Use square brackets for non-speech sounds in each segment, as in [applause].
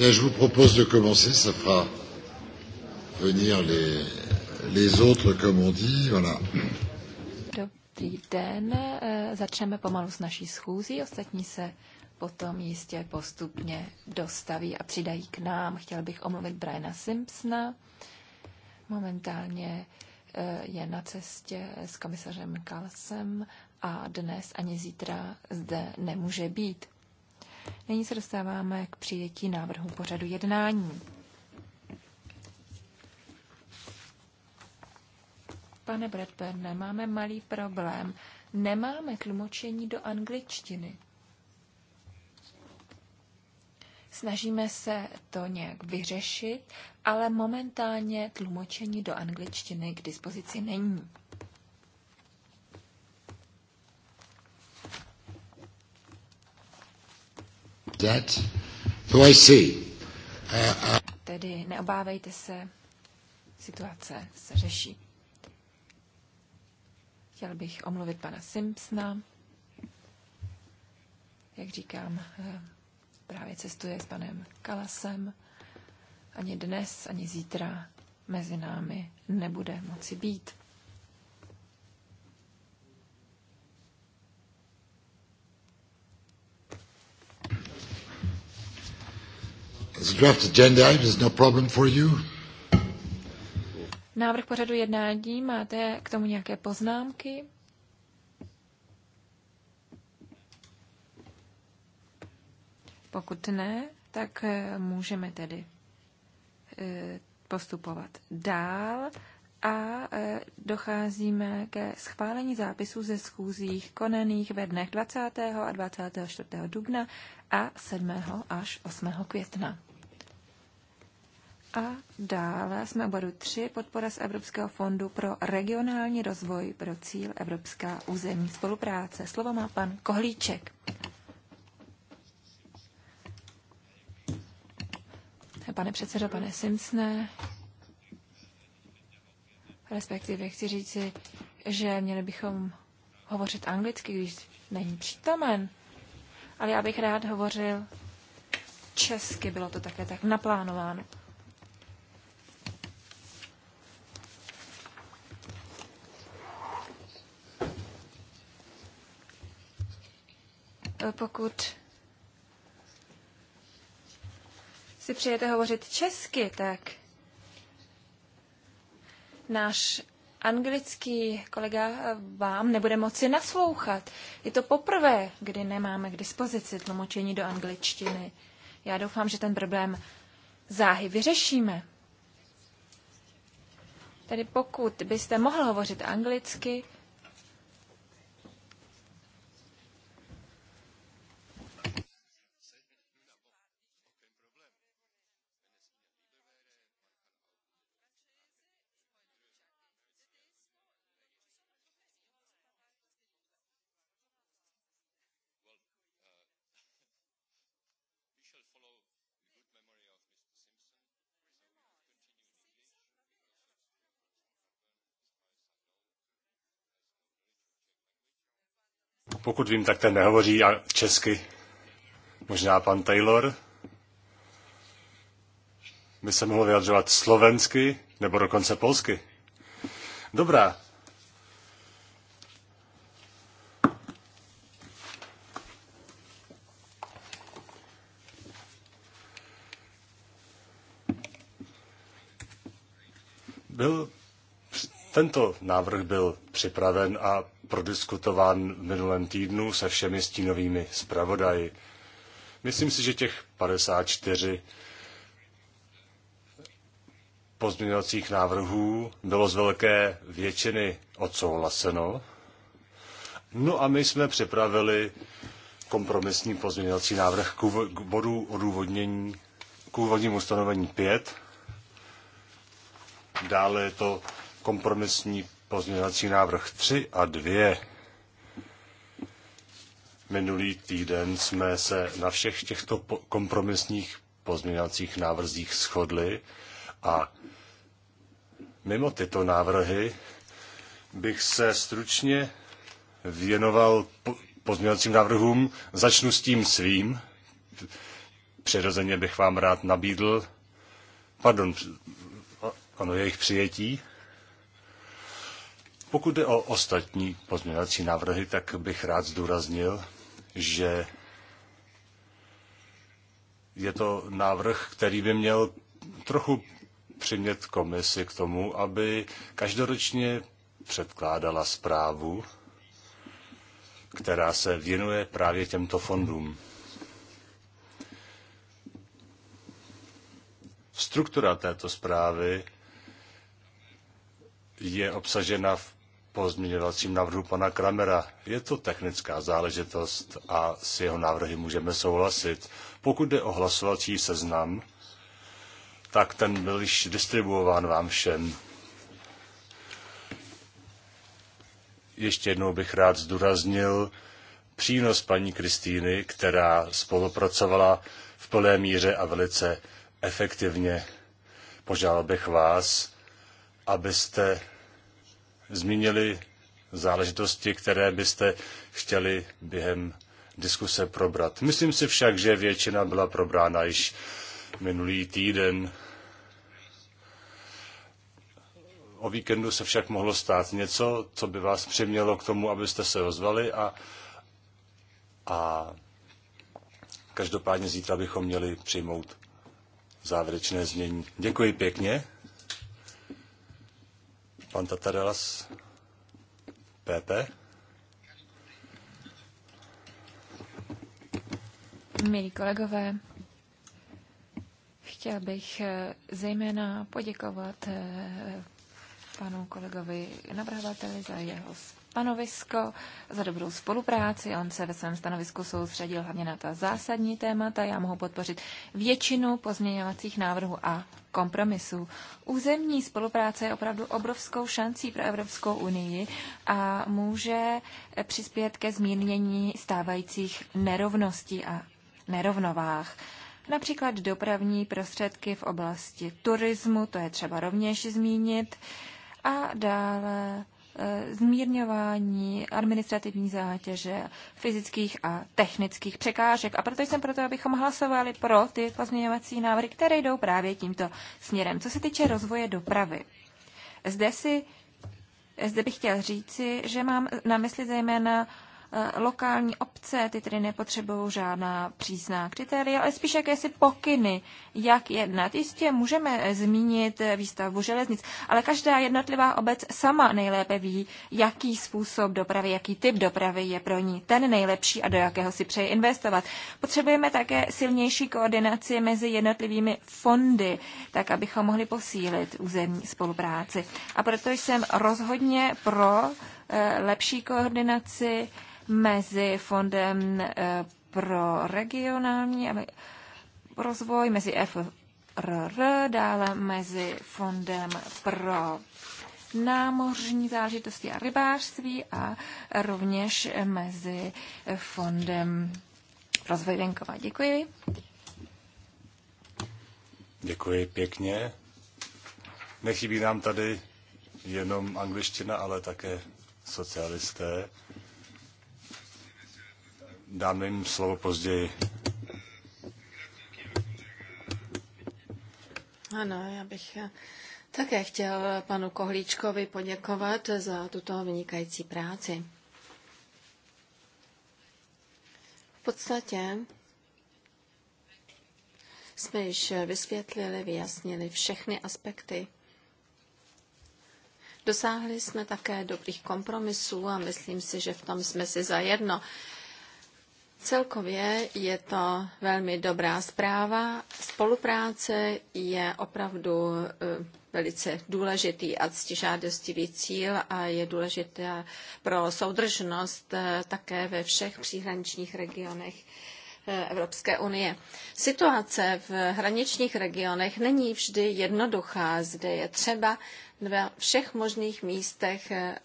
Bien, je vous propose de commencer, ça fera venir les, les autres, comme on dit. Voilà. Dobrý den, eh, začneme pomalu s naší schůzí, ostatní se potom jistě postupně dostaví a přidají k nám. Chtěl bych omluvit Briana Simpsona. Momentálně eh, je na cestě s komisařem Kalsem a dnes ani zítra zde nemůže být. Nyní se dostáváme k přijetí návrhu pořadu jednání. Pane Bradburne, máme malý problém. Nemáme tlumočení do angličtiny. Snažíme se to nějak vyřešit, ale momentálně tlumočení do angličtiny k dispozici není. that, though no, I uh, uh, Tedy neobávejte se, situace se řeší. Chtěl bych omluvit pana Simpsona. Jak říkám, eh, právě cestuje s panem Kalasem. Ani dnes, ani zítra mezi námi nebude moci být. As draft agenda item is no problem for you. Návrh pořadu jednání, máte k tomu nějaké poznámky? Pokud ne, tak eh, můžeme tedy eh, postupovat dál a eh, docházíme ke schválení zápisů ze schůzích konaných ve dnech 20. a 24. dubna a 7. až 8. května. A dále jsme u bodu 3, podpora z Evropského fondu pro regionální rozvoj pro cíl Evropská územní spolupráce. Slovo má pan Kohlíček. Pane předsedo, pane Simsne, respektive chci říci, že měli bychom hovořit anglicky, když není přítomen. Ale já bych rád hovořil česky, bylo to také tak naplánováno. pokud si přejete hovořit česky, tak náš anglický kolega vám nebude moci naslouchat. Je to poprvé, kdy nemáme k dispozici tlumočení do angličtiny. Já doufám, že ten problém záhy vyřešíme. Tedy pokud byste mohl hovořit anglicky, Pokud vím, tak ten nehovoří a česky. Možná pan Taylor by se mohl vyjadřovat slovensky nebo dokonce polsky. Dobrá. Byl, tento návrh byl připraven a prodiskutován v minulém týdnu se všemi stínovými zpravodaji. Myslím si, že těch 54 pozměňovacích návrhů bylo z velké většiny odsouhlaseno. No a my jsme připravili kompromisní pozměňovací návrh k bodu odůvodnění k úvodnímu ustanovení 5. Dále je to kompromisní Pozměňovací návrh 3 a 2. Minulý týden jsme se na všech těchto kompromisních pozměňovacích návrzích shodli a mimo tyto návrhy bych se stručně věnoval pozměňovacím návrhům. Začnu s tím svým. Přirozeně bych vám rád nabídl, pardon, ano, jejich přijetí. Pokud jde o ostatní pozměňovací návrhy, tak bych rád zdůraznil, že je to návrh, který by měl trochu přimět komisi k tomu, aby každoročně předkládala zprávu, která se věnuje právě těmto fondům. Struktura této zprávy je obsažena v pozměňovacím návrhu pana Kramera. Je to technická záležitost a s jeho návrhy můžeme souhlasit. Pokud jde o hlasovací seznam, tak ten byl již distribuován vám všem. Ještě jednou bych rád zdůraznil přínos paní Kristýny, která spolupracovala v plné míře a velice efektivně. Požádal bych vás, abyste zmínili záležitosti, které byste chtěli během diskuse probrat. Myslím si však, že většina byla probrána již minulý týden. O víkendu se však mohlo stát něco, co by vás přimělo k tomu, abyste se ozvali a, a každopádně zítra bychom měli přijmout závěrečné znění. Děkuji pěkně. Pan Tataras, PP. Milí kolegové, chtěl bych eh, zejména poděkovat eh, panu kolegovi navrhovateli za jeho stanovisko, za dobrou spolupráci. On se ve svém stanovisku soustředil hlavně na ta zásadní témata. Já mohu podpořit většinu pozměňovacích návrhů a kompromisů. Územní spolupráce je opravdu obrovskou šancí pro Evropskou unii a může přispět ke zmírnění stávajících nerovností a nerovnovách. Například dopravní prostředky v oblasti turismu, to je třeba rovněž zmínit, a dále Eh, zmírňování administrativní zátěže, fyzických a technických překážek. A proto jsem proto, abychom hlasovali pro ty pozměňovací návrhy, které jdou právě tímto směrem. Co se týče rozvoje dopravy, zde, si, zde bych chtěl říci, že mám na mysli zejména uh, Eh, lokální obce, ty tedy nepotřebují žádná přísná kritéria, ale spíš jakési pokyny, jak jednat. Jistě můžeme eh, zmínit eh, výstavbu železnic, ale každá jednotlivá obec sama nejlépe ví, jaký způsob dopravy, jaký typ dopravy je pro ní ten nejlepší a do jakého si přeje investovat. Potřebujeme také silnější koordinaci mezi jednotlivými fondy, tak abychom mohli posílit územní spolupráci. A proto jsem rozhodně pro Eh, lepší koordinaci mezi Fondem eh, pro regionální rozvoj, mezi FRR, dále mezi Fondem pro námořní záležitosti a rybářství a rovněž mezi Fondem rozvoj venkova. Děkuji. Děkuji pěkně. Nechybí nám tady jenom angličtina, ale také socialisté. Dám jim slovo později. Ano, já bych také chtěl panu Kohlíčkovi poděkovat za tuto vynikající práci. V podstatě jsme již vysvětlili, vyjasnili všechny aspekty Dosáhli jsme také dobrých kompromisů a myslím si, že v tom jsme si zajedno. Celkově je to velmi dobrá zpráva. Spolupráce je opravdu eh, velice důležitý a ctižádostivý cíl a je důležité pro soudržnost eh, také ve všech příhraničních regionech eh, Evropské unie. Situace v hraničních regionech není vždy jednoduchá. Zde je třeba ve všech možných místech eh,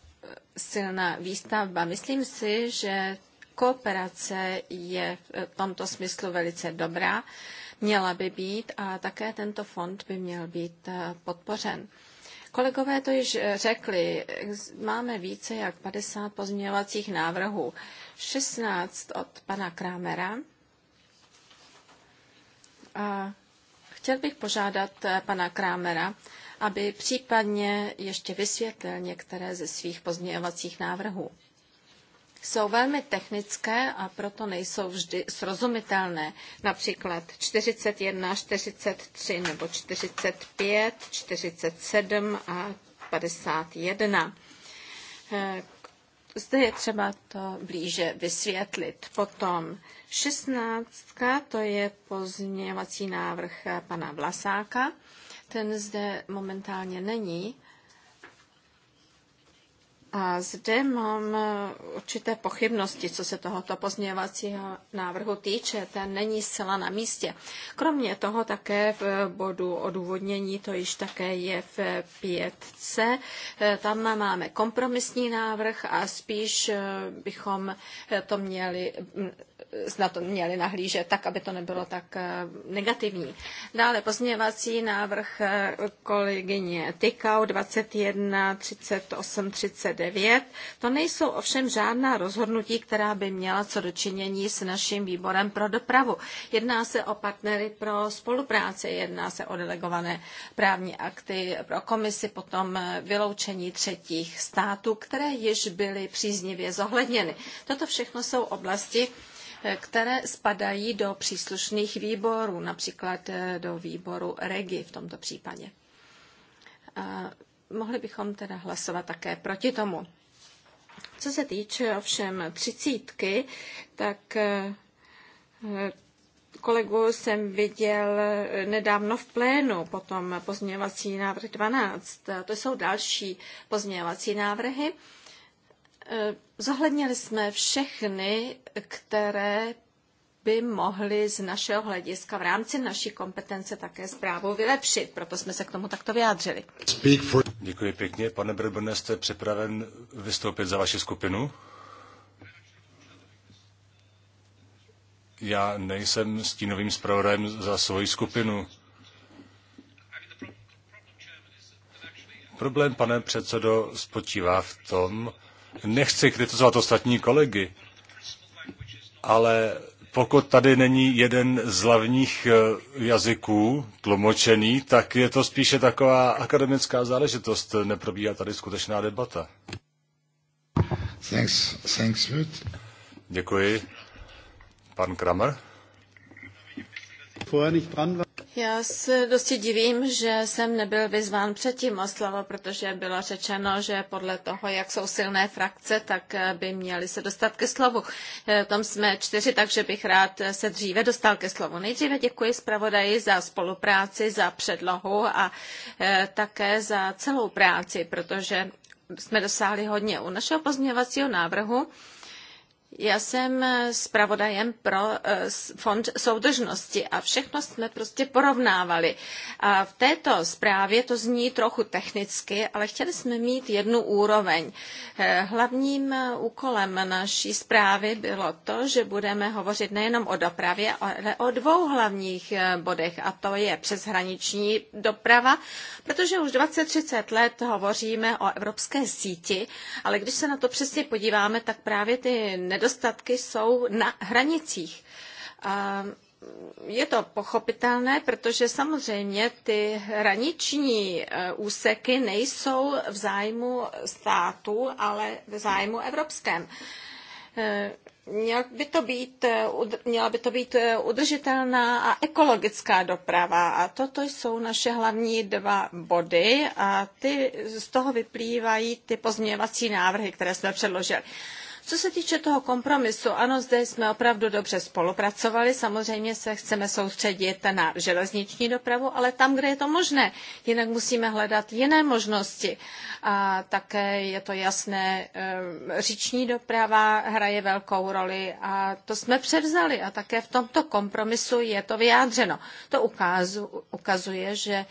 silná výstavba. Myslím si, že kooperace je eh, v tomto smyslu velice dobrá, měla by být a také tento fond by měl být eh, podpořen. Kolegové to již řekli, máme více jak 50 pozměňovacích návrhů. 16 od pana Krámera. A chtěl bych požádat pana Krámera, aby případně ještě vysvětlil některé ze svých pozměňovacích návrhů. Jsou velmi technické a proto nejsou vždy srozumitelné. Například 41, 43 nebo 45, 47 a 51. Eh, zde je třeba to blíže vysvětlit. Potom 16. to je pozměňovací návrh pana Vlasáka ten zde momentálně není. A zde mám eh, určité pochybnosti, co se tohoto pozměňovacího návrhu týče. Ten není zcela na místě. Kromě toho také v bodu odůvodnění, to již také je v pětce. Eh, tam máme kompromisní návrh a spíš eh, bychom to měli mm, na to měli nahlížet tak, aby to nebylo tak eh, negativní. Dále pozměvací návrh eh, kolegyně Tykau 21, 38, 39. To nejsou ovšem žádná rozhodnutí, která by měla co dočinění s naším výborem pro dopravu. Jedná se o partnery pro spolupráci, jedná se o delegované právní akty pro komisi, potom eh, vyloučení třetích států, které již byly příznivě zohledněny. Toto všechno jsou oblasti, které spadají do příslušných výborů, například eh, do výboru REGI v tomto případě. A mohli bychom teda hlasovat také proti tomu. Co se týče ovšem třicítky, tak eh, eh, kolegu jsem viděl nedávno v plénu, potom pozměňovací návrh 12. To jsou další pozměňovací návrhy. Eh, zohlednili jsme všechny, které by mohly z našeho hlediska v rámci naší kompetence také zprávu vylepšit. Proto jsme se k tomu takto vyjádřili. For... Děkuji pěkně. Pane Brbrne, jste připraven vystoupit za vaši skupinu? Já nejsem stínovým zpravodajem za svoji skupinu. Problém, pane předsedo, spočívá v tom, nechci kritizovat ostatní kolegy, ale pokud tady není jeden z hlavních eh, jazyků tlumočený, tak je to spíše taková akademická záležitost. Neprobíhá tady skutečná debata. Thanks, thanks, Ruth. Děkuji. Pan Kramer? Já se dosti divím, že jsem nebyl vyzván předtím o slovo, protože bylo řečeno, že podle toho, jak jsou silné frakce, tak eh, by měli se dostat ke slovu. Eh, tom jsme čtyři, takže bych rád eh, se dříve dostal ke slovu. Nejdříve děkuji zpravodaji za spolupráci, za předlohu a také za celou práci, protože jsme dosáhli hodně u našeho pozměňovacího návrhu já jsem eh, zpravodajem pro eh, fond soudržnosti a všechno jsme prostě porovnávali. A v této zprávě to zní trochu technicky, ale chtěli jsme mít jednu úroveň. Eh, hlavním úkolem naší zprávy bylo to, že budeme hovořit nejenom o dopravě, ale o dvou hlavních bodech, a to je přeshraniční doprava, protože už 20-30 let hovoříme o evropské síti, ale když se na to přesně podíváme, tak právě ty nedostatky nedostatky jsou na hranicích. A je to pochopitelné, protože samozřejmě ty hraniční e, úseky nejsou v zájmu státu, ale v zájmu evropském. E, měl by to být, e, měla by to být udržitelná a ekologická doprava. A toto jsou naše hlavní dva body a ty, z toho vyplývají ty pozměňovací návrhy, které jsme předložili. Co se týče toho kompromisu, ano, zde jsme opravdu dobře spolupracovali. Samozřejmě se chceme soustředit na železniční dopravu, ale tam, kde je to možné. Jinak musíme hledat jiné možnosti. A také je to jasné, eh, říční doprava hraje velkou roli a to jsme převzali. A také v tomto kompromisu je to vyjádřeno. To ukazuje, že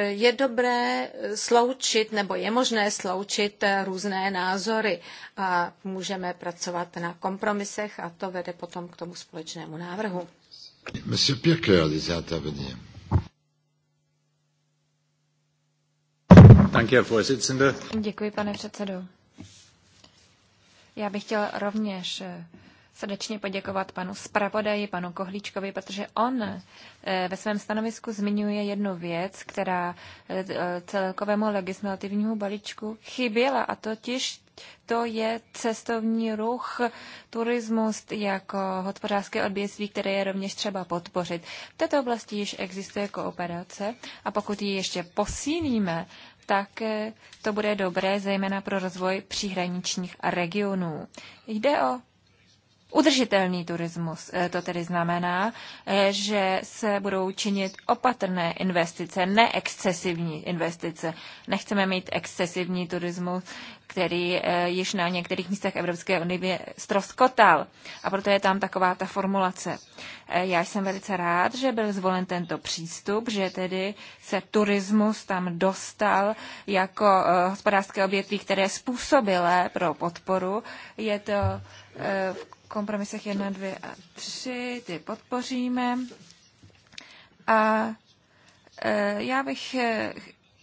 je dobré sloučit nebo je možné sloučit různé názory a můžeme pracovat na kompromisech a to vede potom k tomu společnému návrhu. Monsieur Pirker, désire Děkuji, pane předsedo. Já bych chtěl rovněž srdečně poděkovat panu zpravodaji, panu Kohlíčkovi, protože on eh, ve svém stanovisku zmiňuje jednu věc, která eh, celkovému legislativnímu balíčku chyběla, a totiž to je cestovní ruch, turismus jako hospodářské odvětví, které je rovněž třeba podpořit. V této oblasti již existuje kooperace a pokud ji ještě posílíme, tak eh, to bude dobré zejména pro rozvoj příhraničních regionů. Jde o Udržitelný turismus eh, to tedy znamená, eh, že se budou činit opatrné investice, neexcesivní investice. Nechceme mít excesivní turismus, který eh, již na některých místech Evropské unie stroskotal. A proto je tam taková ta formulace. Já jsem velice rád, že byl zvolen tento přístup, že tedy se turismus tam dostal jako hospodářské obětví, které je způsobilé pro podporu. Je to v kompromisech 1, 2 a 3, ty podpoříme. A e, já bych e,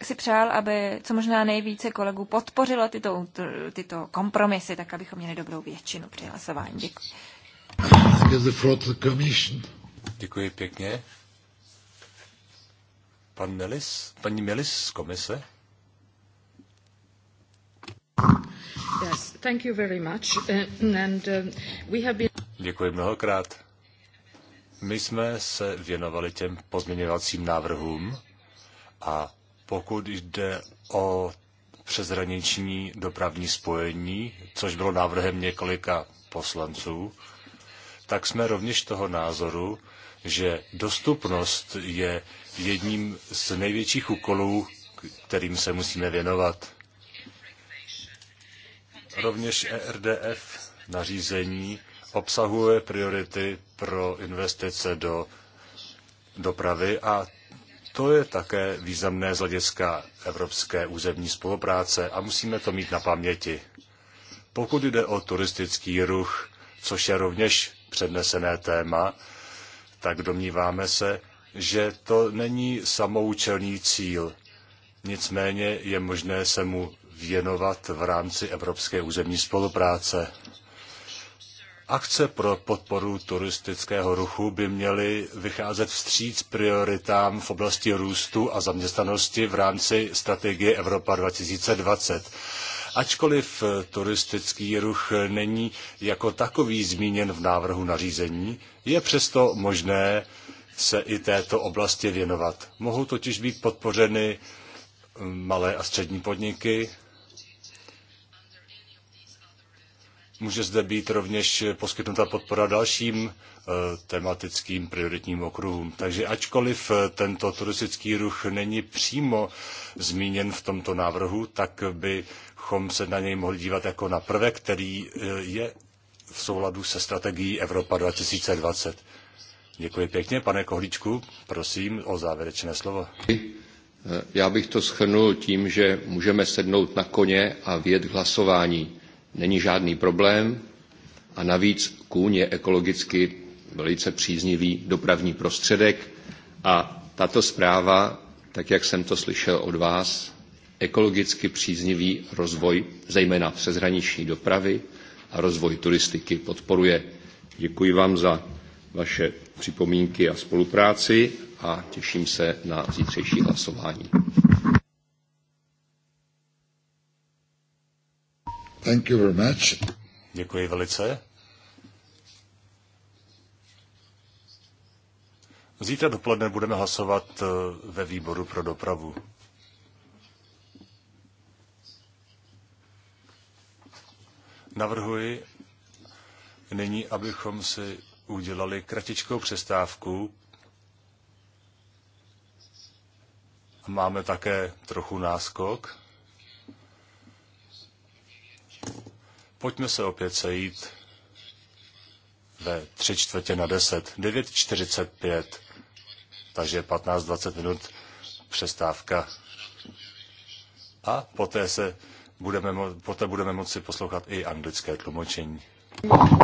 si přál, aby co možná nejvíce kolegů podpořilo tyto, tyto kompromisy, tak abychom měli dobrou většinu při hlasování. Děkuji. Děkuji pěkně. Pan Melis, paní Melis z komise. Yes. Thank you very much. Eh, and eh, we have been... Děkuji mnohokrát. My jsme se věnovali těm pozměňovacím návrhům a pokud jde o přezraniční dopravní spojení, což bylo návrhem několika poslanců, tak jsme rovněž toho názoru, že dostupnost je jedním z největších úkolů, kterým se musíme věnovat. Rovněž ERDF nařízení obsahuje priority pro investice do dopravy a to je také významné z hlediska evropské územní spolupráce a musíme to mít na paměti. Pokud jde o turistický ruch, což je rovněž přednesené téma, tak domníváme se, že to není samoučelný cíl. Nicméně je možné se mu věnovat v rámci Evropské územní spolupráce. Akce pro podporu turistického ruchu by měly vycházet vstříc prioritám v oblasti růstu a zaměstnanosti v rámci strategie Evropa 2020. Ačkoliv turistický ruch není jako takový zmíněn v návrhu nařízení, je přesto možné se i této oblasti věnovat. Mohou totiž být podpořeny malé a střední podniky, Může zde být rovněž poskytnuta podpora dalším eh, tematickým prioritním okruhům. Takže ačkoliv eh, tento turistický ruch není přímo zmíněn v tomto návrhu, tak bychom se na něj mohli dívat jako na prvek, který eh, je v souladu se strategií Evropa 2020. Děkuji pěkně, pane Kohlíčku, prosím o závěrečné slovo. Já bych to schrnul tím, že můžeme sednout na koně a k hlasování není žádný problém a navíc kůň je ekologicky velice příznivý dopravní prostředek a tato zpráva, tak jak jsem to slyšel od vás, ekologicky příznivý rozvoj zejména přeshraniční dopravy a rozvoj turistiky podporuje. Děkuji vám za vaše připomínky a spolupráci a těším se na zítřejší hlasování. Thank you very much. Děkuji velice. Zítra dopoledne budeme hlasovat eh, ve výboru pro dopravu. Navrhuji nyní, abychom si udělali kratičkou přestávku. Máme také trochu náskok. Pojďme se opět sejít ve tři čtvrtě na deset, 9.45, takže 15-20 minut přestávka. A poté se budeme, poté budeme moci poslouchat i anglické tlumočení. Thank you.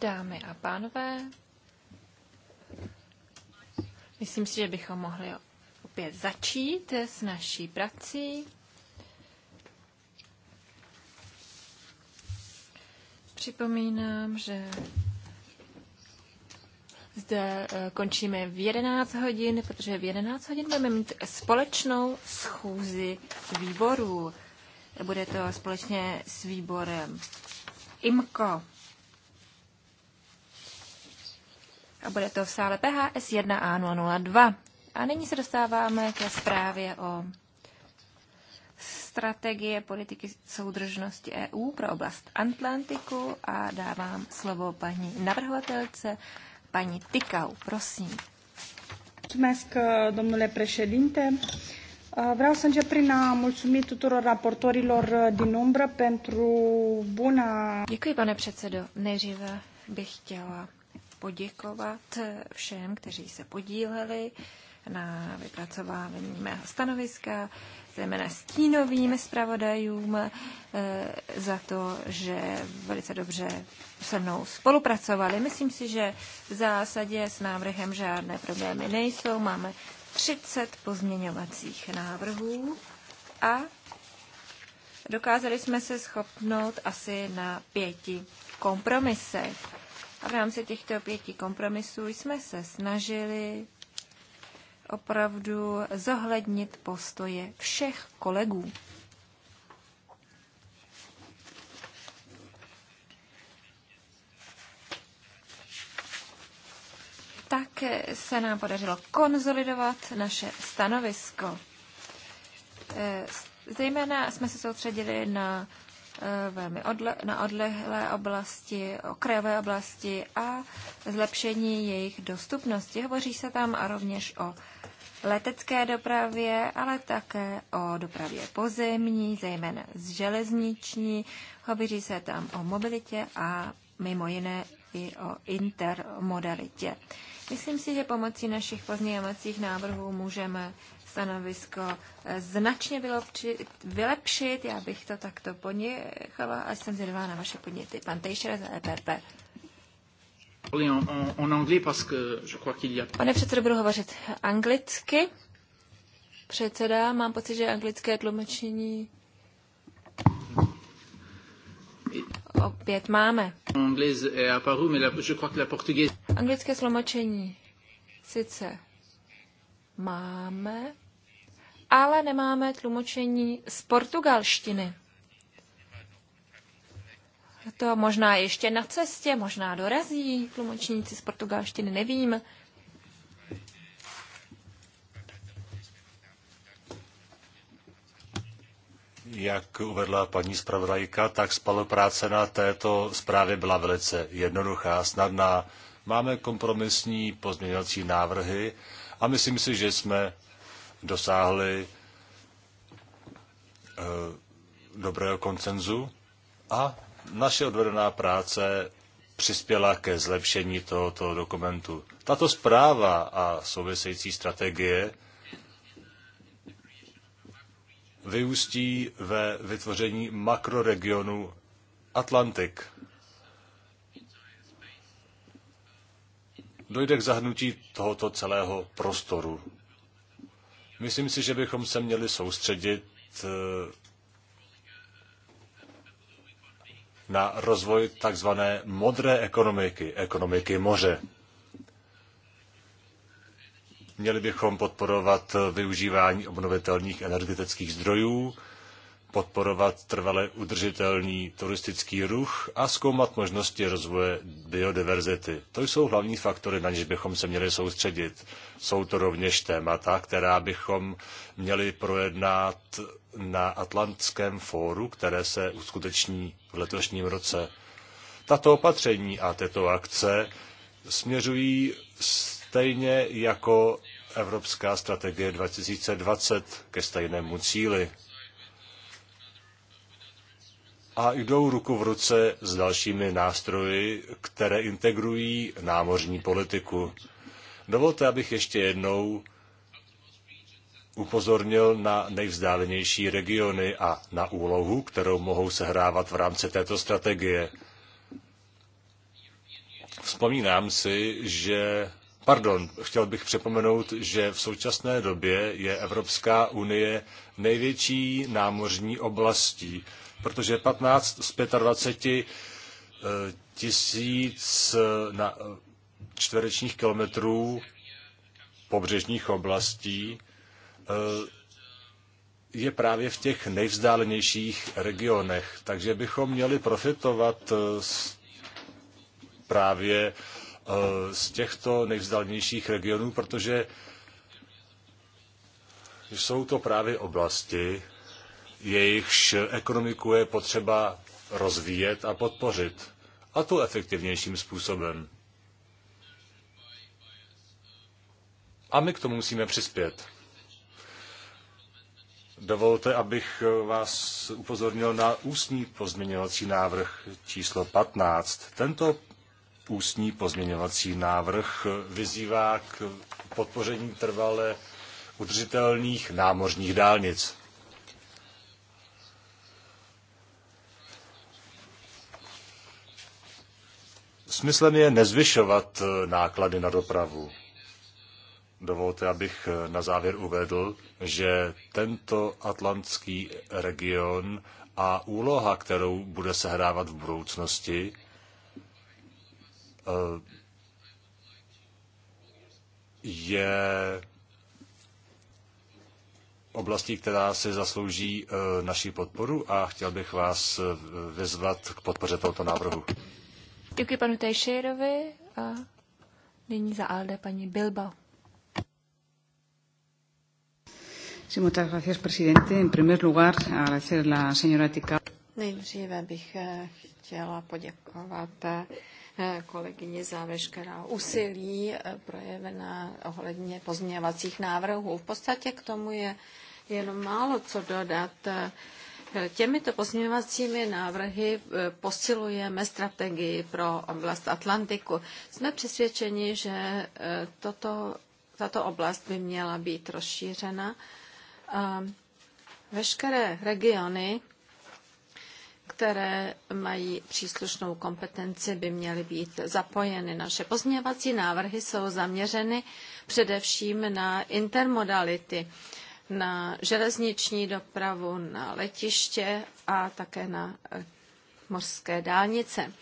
Dámy a pánové, myslím si, že bychom mohli opět začít s naší prací. Připomínám, že zde eh, končíme v 11 hodin, protože v 11 hodin budeme mít společnou schůzi výborů. Bude to společně s výborem IMKO. A bude to v sále PHS 1A002. A nyní se dostáváme ke zprávě o strategie politiky soudržnosti EU pro oblast Atlantiku a dávám slovo paní navrhovatelce, paní Tykau, prosím. Mulțumesc, domnule președinte. Vreau să încep prin a mulțumi tuturor raportorilor uh, din umbră pentru buna... Děkuji, pane předsedo. Nejdříve bych chtěla poděkovat uh, všem, kteří se podíleli na vypracování mého stanoviska, zejména stínovým zpravodajům uh, za to, že velice dobře se mnou spolupracovali. Myslím si, že v zásadě s návrhem žádné problémy nejsou. Máme 30 pozměňovacích návrhů a dokázali jsme se schopnout asi na pěti kompromisech. A v rámci těchto pěti kompromisů jsme se snažili opravdu zohlednit postoje všech kolegů. tak se nám podařilo konzolidovat naše stanovisko. Eh, zejména jsme se soustředili na eh, velmi odle, na odlehlé oblasti, okrajové oblasti a zlepšení jejich dostupnosti. Hovoří se tam a rovněž o letecké dopravě, ale také o dopravě pozemní, zejména z železniční. Hovoří se tam o mobilitě a mimo jiné i o intermodalitě. Myslím si, že pomocí našich pozměňovacích návrhů můžeme stanovisko eh, značně vylepšit. Já bych to takto poněchala a jsem zvědavá na vaše podněty. Pan Tejšer za EPP. Pane předsedo, budu hovořit anglicky. Předseda, mám pocit, že anglické tlumočení opět máme. Anglické slomočení sice máme, ale nemáme tlumočení z portugalštiny. To možná ještě na cestě, možná dorazí tlumočníci z portugalštiny, nevím. jak uvedla paní zpravodajka, tak spolupráce na této zprávě byla velice jednoduchá, snadná. Máme kompromisní pozměňovací návrhy a myslím si, že jsme dosáhli eh, dobrého koncenzu a naše odvedená práce přispěla ke zlepšení tohoto dokumentu. Tato zpráva a související strategie vyústí ve vytvoření makroregionu Atlantik. Dojde k zahnutí tohoto celého prostoru. Myslím si, že bychom se měli soustředit eh, na rozvoj takzvané modré ekonomiky, ekonomiky moře. Měli bychom podporovat využívání obnovitelných energetických zdrojů, podporovat trvale udržitelný turistický ruch a zkoumat možnosti rozvoje biodiverzity. To jsou hlavní faktory, na něž bychom se měli soustředit. Jsou to rovněž témata, která bychom měli projednat na Atlantském fóru, které se uskuteční v letošním roce. Tato opatření a tyto akce směřují s stejně jako Evropská strategie 2020 ke stejnému cíli. A jdou ruku v ruce s dalšími nástroji, které integrují námořní politiku. Dovolte, abych ještě jednou upozornil na nejvzdálenější regiony a na úlohu, kterou mohou sehrávat v rámci této strategie. Vzpomínám si, že Pardon, chtěl bych připomenout, že v současné době je Evropská unie největší námořní oblastí, protože 15 z 25 eh, tisíc eh, na eh, čtverečních kilometrů pobřežních oblastí je právě v těch nejvzdálenějších regionech. Takže bychom měli profitovat z právě Eh, z těchto nejvzdálnějších regionů, protože jsou to právě oblasti, jejichž ekonomiku je potřeba rozvíjet a podpořit, a to efektivnějším způsobem. A my k tomu musíme přispět. Dovolte, abych vás upozornil na ústní pozměňovací návrh číslo 15. Tento ústní pozměňovací návrh vyzývá k podpoření trvale udržitelných námořních dálnic. Smyslem je nezvyšovat náklady na dopravu. Dovolte, abych na závěr uvedl, že tento atlantský region a úloha, kterou bude sehrávat v budoucnosti, je oblastí, která si zaslouží eh, naší podporu a chtěl bych vás eh, vyzvat k podpoře tohoto návrhu. Děkuji panu Tejšerovi a nyní za ALDE paní Bilbao. Sí, muchas gracias, presidente. En primer lugar, agradecer la señora Nejdříve bych eh, chtěla poděkovat Eh, kolegyně za veškerá úsilí eh, projevená ohledně pozměňovacích návrhů. V podstatě k tomu je jenom málo co dodat. Eh, těmito pozměňovacími návrhy posilujeme strategii pro oblast Atlantiku. Jsme přesvědčeni, že toto, tato oblast by měla být rozšířena. Veškeré regiony které mají příslušnou kompetenci, by měly být zapojeny. Naše pozměňovací návrhy jsou zaměřeny především na intermodality, na železniční dopravu, na letiště a také na eh, mořské dálnice.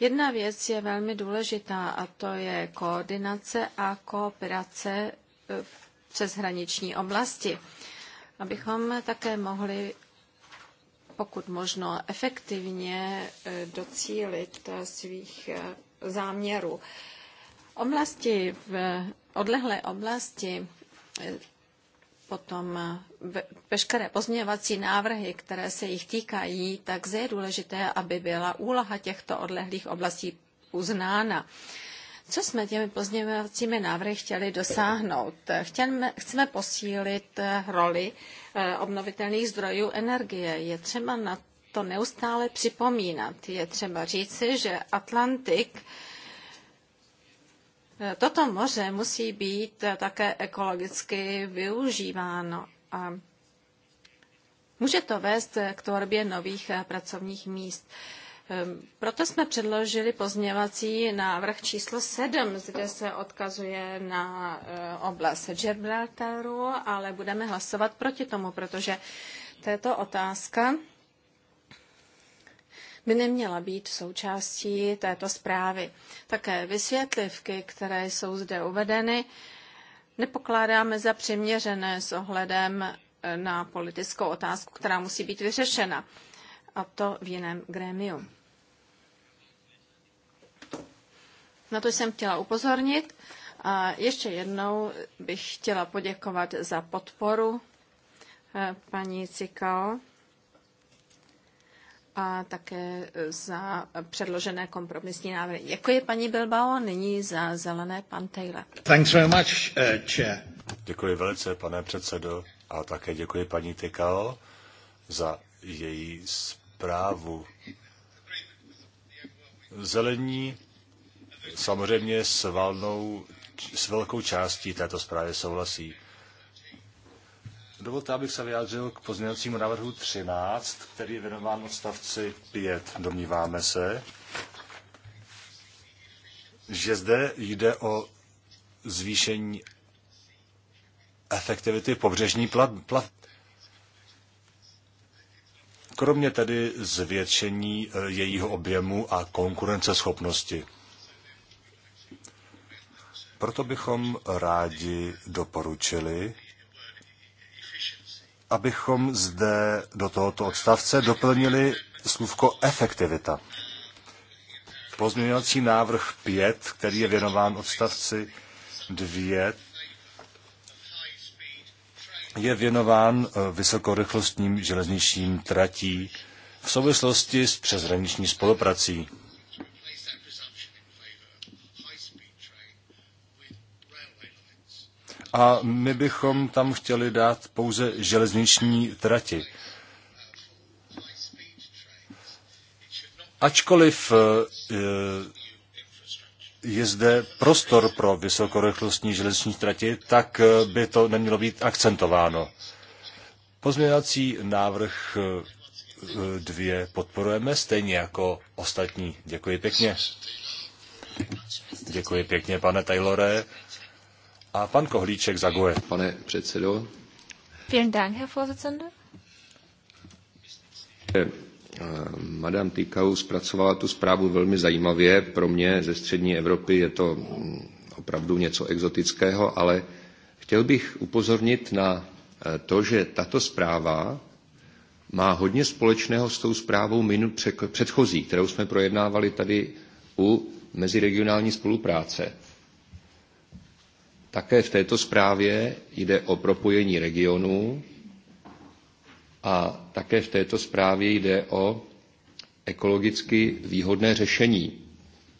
Jedna věc je velmi důležitá a to je koordinace a kooperace eh, v přeshraniční oblasti, abychom také mohli pokud možno efektivně e, docílit e, svých e, záměrů. Oblasti v odlehlé oblasti potom veškeré pozměňovací návrhy, které se jich týkají, tak je důležité, aby byla úloha těchto odlehlých oblastí uznána. Co jsme těmi pozměňovacími návrhy chtěli dosáhnout? Chtěme, chceme posílit roli Eh, obnovitelných zdrojů energie. Je třeba na to neustále připomínat. Je třeba říci, že Atlantik eh, Toto moře musí být eh, také ekologicky využíváno. A může to vést k tvorbě nových pracovních míst. Ehm, proto jsme předložili pozměňovací návrh číslo 7, kde se odkazuje na eh, oblast Gibraltaru, ale budeme hlasovat proti tomu, protože této otázka by neměla být součástí této zprávy. Také vysvětlivky, které jsou zde uvedeny, nepokládáme za přiměřené s ohledem eh, na politickou otázku, která musí být vyřešena, a to v jiném grémiu. Na to jsem chtěla upozornit. A ještě jednou bych chtěla poděkovat za podporu eh, paní Cikao a také za předložené kompromisní návrhy. Děkuji paní Bilbao, nyní za zelené pan Taylor. Thanks very much, uh, chair. Děkuji velice, pane předsedo, a také děkuji paní Tikao za její zprávu. Zelení samozřejmě s, valnou, s velkou částí této zprávy souhlasí. Dovolte, abych se vyjádřil k pozměňovacímu návrhu 13, který je věnován odstavci 5. Domníváme se, že zde jde o zvýšení efektivity pobřežní plav. plav kromě tedy zvětšení eh, jejího objemu a konkurenceschopnosti. Proto bychom rádi doporučili, abychom zde do tohoto odstavce doplnili slůvko efektivita. Pozměňovací návrh 5, který je věnován odstavci 2, je věnován eh, vysokorychlostním železničním tratí v souvislosti s přezraniční spoluprací. a my bychom tam chtěli dát pouze železniční trati. Ačkoliv e, je zde prostor pro vysokorychlostní železniční trati, tak e, by to nemělo být akcentováno. Pozměňovací návrh e, dvě podporujeme, stejně jako ostatní. Děkuji pěkně. Děkuji pěkně, pane Taylore. A pan Kohlíček zagoje. Pane předsedo. Vielen Dank, Herr Vorsitzender. Eh, Madame Tikau zpracovala tu zprávu velmi zajímavě. Pro mě ze střední Evropy je to mm, opravdu něco exotického, ale chtěl bych upozornit na eh, to, že tato zpráva má hodně společného s tou zprávou minut předchozí, kterou jsme projednávali tady u meziregionální spolupráce. Také v této zprávě jde o propojení regionů a také v této zprávě jde o ekologicky výhodné řešení.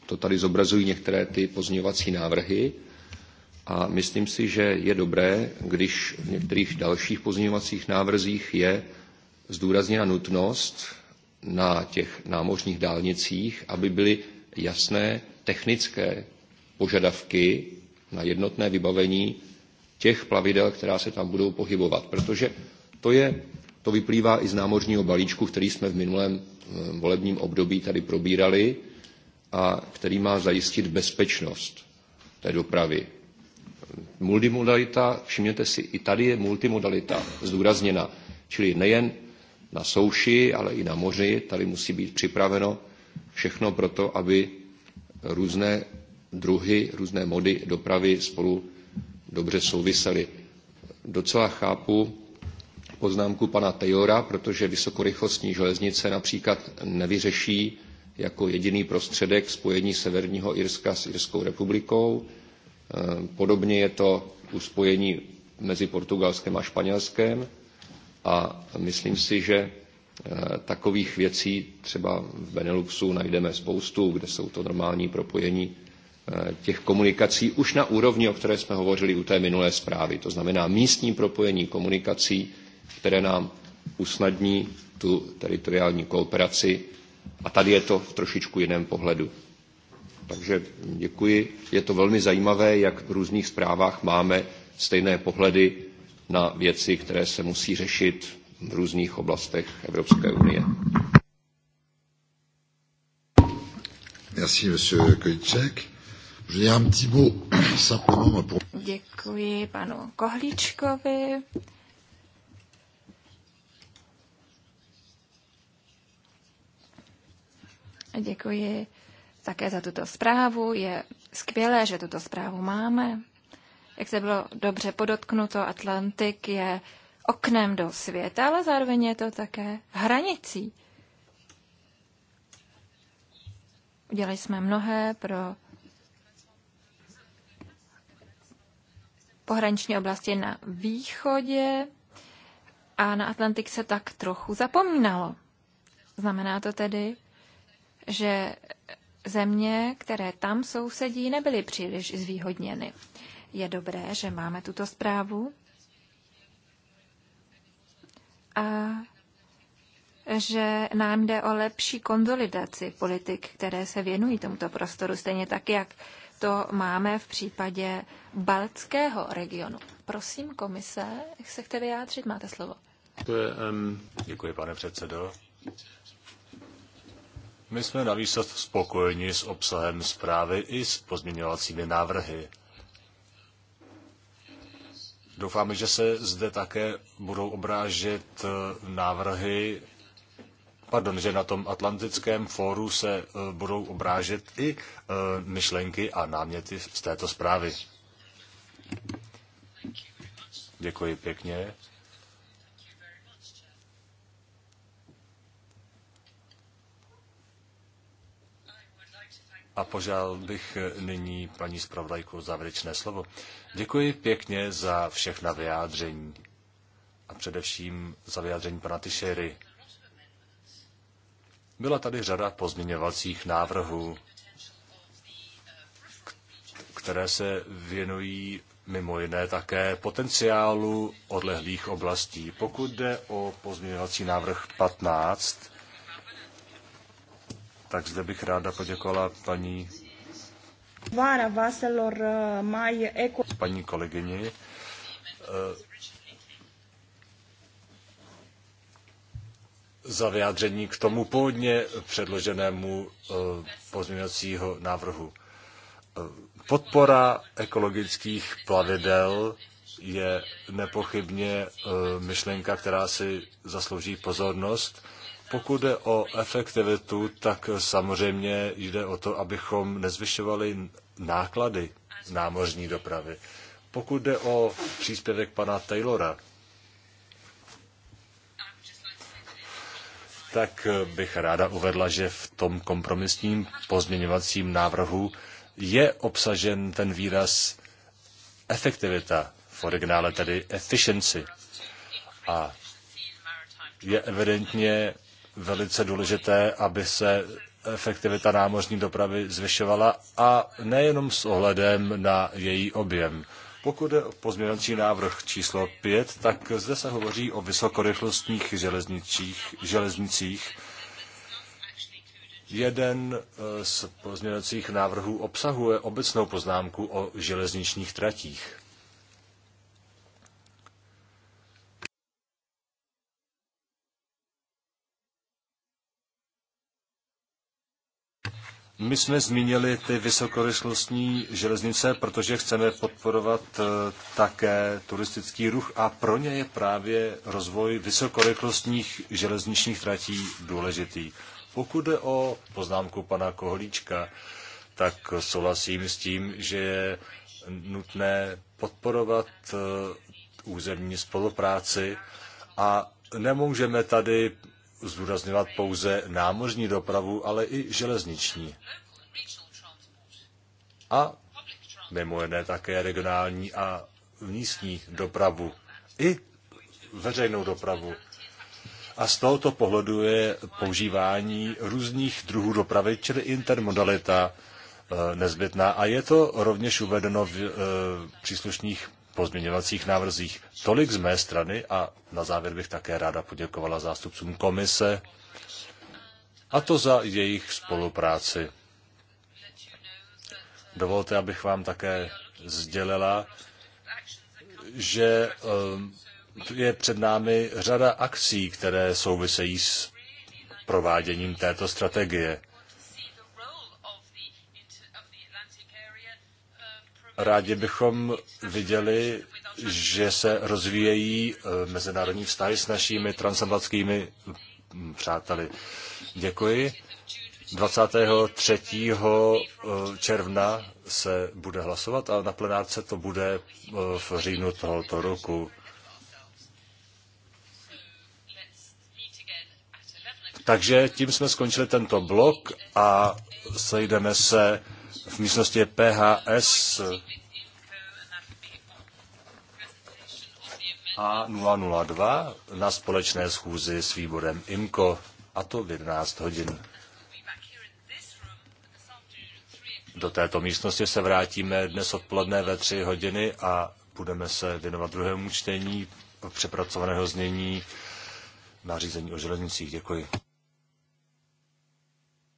To tady zobrazují některé ty pozměňovací návrhy a myslím si, že je dobré, když v některých dalších pozměňovacích návrzích je zdůrazněna nutnost na těch námořních dálnicích, aby byly jasné technické požadavky na jednotné vybavení těch plavidel, která se tam budou pohybovat. Protože to, je, to vyplývá i z námořního balíčku, který jsme v minulém eh, volebním období tady probírali a který má zajistit bezpečnost té dopravy. Multimodalita, všimněte si, i tady je multimodalita zdůrazněna, čili nejen na souši, ale i na moři. Tady musí být připraveno všechno pro to, aby různé druhy, různé mody dopravy spolu dobře souvisely. Docela chápu poznámku pana Tejora, protože vysokorychlostní železnice například nevyřeší jako jediný prostředek spojení Severního Irska s Irskou republikou. Eh, podobně je to u spojení mezi Portugalskem a Španělskem. A myslím si, že eh, takových věcí třeba v Beneluxu najdeme spoustu, kde jsou to normální propojení Eh, těch komunikací už na úrovni, o které jsme hovořili u té minulé zprávy. To znamená místní propojení komunikací, které nám usnadní tu teritoriální kooperaci. A tady je to v trošičku jiném pohledu. Takže děkuji. Je to velmi zajímavé, jak v různých zprávách máme stejné pohledy na věci, které se musí řešit v různých oblastech Evropské unie. Merci, monsieur Kojček. [coughs] Děkuji panu Kohlíčkovi. Děkuji také za tuto zprávu. Je skvělé, že tuto zprávu máme. Jak se bylo dobře podotknuto, Atlantik je oknem do světa, ale zároveň je to také hranicí. Udělali jsme mnohé pro pohraniční oblasti na východě a na Atlantik se tak trochu zapomínalo. Znamená to tedy, že země, které tam sousedí, nebyly příliš zvýhodněny. Je dobré, že máme tuto zprávu a že nám jde o lepší konzolidaci politik, které se věnují tomuto prostoru, stejně tak, jak to máme v případě Baltského regionu. Prosím, komise, jak se chcete vyjádřit, máte slovo. Děkuji, pane předsedo. My jsme navíc spokojeni s obsahem zprávy i s pozměňovacími návrhy. Doufáme, že se zde také budou obrážet eh, návrhy pardon, že na tom atlantickém fóru se eh, budou obrážet i eh, myšlenky a náměty z této zprávy. Děkuji pěkně. A požádal bych eh, nyní paní zpravodajku závěrečné slovo. Děkuji pěkně za všechna vyjádření a především za vyjádření pana Tyšery. Byla tady řada pozměňovacích návrhů, které se věnují mimo jiné také potenciálu odlehlých oblastí. Pokud jde o pozměňovací návrh 15, tak zde bych ráda poděkovala paní eh, Paní kolegyni eh, za vyjádření k tomu původně předloženému eh, pozměňovacího návrhu. Eh, podpora ekologických plavidel je nepochybně eh, myšlenka, která si zaslouží pozornost. Pokud jde o efektivitu, tak samozřejmě jde o to, abychom nezvyšovali náklady námořní dopravy. Pokud jde o příspěvek pana Taylora, tak bych ráda uvedla, že v tom kompromisním pozměňovacím návrhu je obsažen ten výraz efektivita, v originále tedy efficiency. A je evidentně velice důležité, aby se efektivita námořní dopravy zvyšovala a nejenom s ohledem na její objem. Pokud je o pozměňovací návrh číslo 5, tak zde se hovoří o vysokorychlostních železnicích, železnicích. Jeden eh, z pozměňovacích návrhů obsahuje obecnou poznámku o železničních tratích. My jsme zmínili ty vysokorychlostní železnice, protože chceme podporovat eh, také turistický ruch a pro ně je právě rozvoj vysokorychlostních železničních tratí důležitý. Pokud jde o poznámku pana Koholíčka, tak souhlasím s tím, že je nutné podporovat eh, územní spolupráci a nemůžeme tady zdůrazňovat pouze námořní dopravu, ale i železniční. A mimo jiné také regionální a místní dopravu. I veřejnou dopravu. A z tohoto pohledu je používání různých druhů dopravy, čili intermodalita, e, nezbytná. A je to rovněž uvedeno v e, příslušných pozměňovacích návrzích. Tolik z mé strany a na závěr bych také ráda poděkovala zástupcům komise, a to za jejich spolupráci. Dovolte, abych vám také sdělila, že ehm, je před námi řada akcí, které souvisejí s prováděním této strategie. Rádi bychom viděli, že se rozvíjejí eh, mezinárodní vztahy s našimi transatlantskými hm, přáteli. Děkuji. 23. Eh, června se bude hlasovat a na plenárce to bude eh, v říjnu tohoto roku. Takže tím jsme skončili tento blok a sejdeme se v místnosti je PHS A002 na společné schůzi s výborem IMCO, a to v 11 hodin. Do této místnosti se vrátíme dnes odpoledne ve 3 hodiny a budeme se věnovat druhému čtení přepracovaného znění nařízení o železnicích. Děkuji.